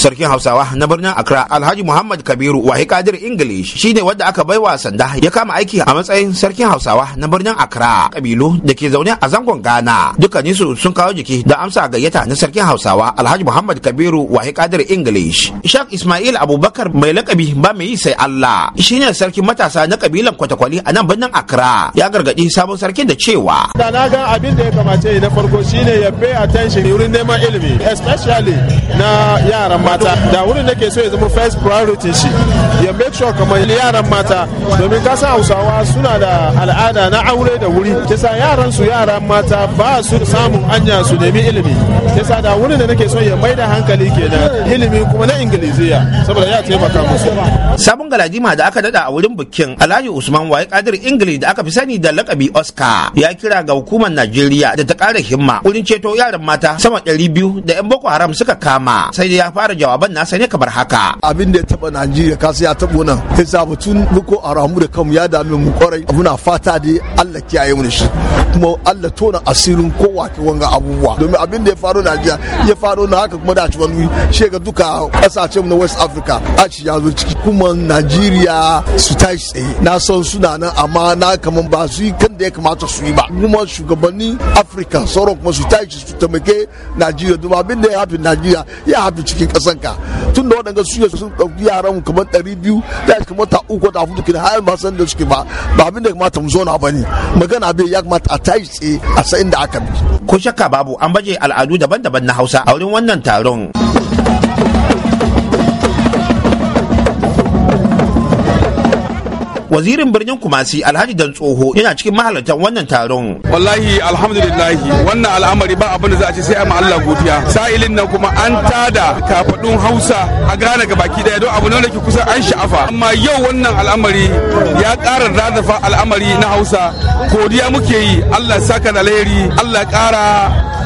sarkin hausawa na birnin accra alhaji muhammad kabiru wahi kadir english shine wanda aka bai wa sanda ya kama aiki a matsayin sarkin hausawa na birnin accra kabilu da ke zaune a zangon ghana dukkaninsu sun kawo jiki da amsa gayyata na sarkin hausawa alhaji muhammad kabiru wahi kadir english shak ismail abubakar mai lakabi ba mai yi sai allah shine sarkin matasa na kabilan kwatakwali a nan birnin accra ya gargadi sabon sarkin da cewa da na ga abin da ya kamace na farko shine ya pay attention wurin neman ilimi especially na yaran mata da wurin da ke so ya zama first priority shi ya make sure kamar yaran mata domin kasa hausawa suna da al'ada na aure da wuri kisa yaran su yaran mata ba su samun anya su nemi ilimi kisa da wurin da nake so ya mai da hankali kenan ilimi kuma na ingiliziya saboda ya taimaka musu sabon galadima da aka dada a wurin bikin alhaji usman wai kadir ingili da aka fi sani da lakabi oscar ya kira ga hukumar najeriya da ta kara himma wurin ceto yaran mata sama 200 da yan boko haram suka kama sai da ya fara jawaban nasa ne kamar haka abin da ya taba najeriya kasu ya tabo nan ya samu tun muko aramu da kanmu ya dame mu kwarai muna fata dai allah kiyaye mu da shi kuma allah tona asirin kowa ke wanga abubuwa domin abin da ya faru najeriya ya faru na haka kuma da ci wani shega duka kasashen na west africa A ya zo ciki kuma najeriya su tashi tsaye na son suna nan amma na kaman ba su yi kan da ya kamata su yi ba kuma shugabanni Africa sauran kuma su tashi su taimake najeriya domin abin da ya hafi najeriya ya hafi cikin ƙasa son ka tun da waɗanda su sun ɗauki yaran mu kamar ɗari biyu da ya kamar uku ta hudu kina har ba san da suke ba ba abin da kamata mu zauna ba ne magana bai ya kamata a tashi tsaye a sa'in da aka bi. ko shakka babu an baje al'adu daban-daban na hausa a wurin wannan taron. wazirin birnin kumasi alhaji dan tsoho yana cikin mahalartan wannan taron wallahi alhamdulillahi wannan al'amari ba abin da za a ce sai a Allah godiya sa'ilin nan kuma an tada kafadun hausa a gane ga baki daya don abu ne da ke kusa an sha'afa amma yau wannan al'amari ya ƙara radafa al'amari na hausa godiya muke yi Allah saka da alheri Allah ƙara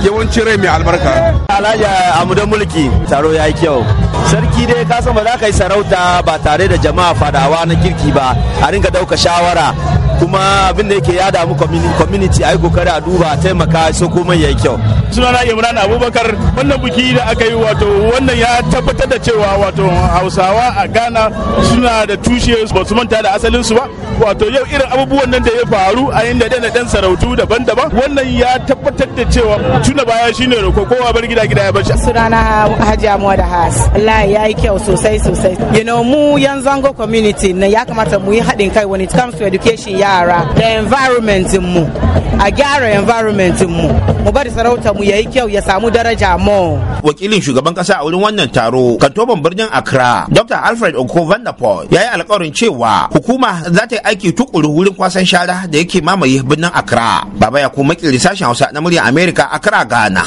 yawanci rai mai albarka. Alhaji Amudan mulki taro ya yi kyau. Sarki dai ka san ba za ka yi sarauta ba tare da jama'a fadawa na kirki ba a ringa dauka shawara kuma abin da yake ya damu community a yi kokari a duba taimaka so komai ya yi kyau. sunana ibrahim abubakar wannan buki da aka yi wato wannan ya tabbatar da cewa wato hausawa a ghana suna da tushe ba su manta da asalinsu ba wato yau irin abubuwan nan da ya faru a inda da dan sarautu daban-daban wannan ya tabbatar da cewa tuna baya shine roko kowa bar gida gida ya bar shi sunana hajji amuwa da has wallahi yayi kyau sosai sosai you know mu yan zango community na ya kamata mu yi hadin kai when it comes to education yara da environment mu a gyara environment mu mu bari sarauta mu ya yi kyau ya samu daraja mo. Wakilin shugaban kasa a wurin wannan taro kantoban birnin Accra Dr. Alfred Oko Van der ya yi alkawarin cewa hukuma za ta yi aiki tuƙuru wurin kwasan shara da yake mamaye birnin Accra. Baba ya kuma makili sashen Hausa na muryar Amerika Accra Ghana.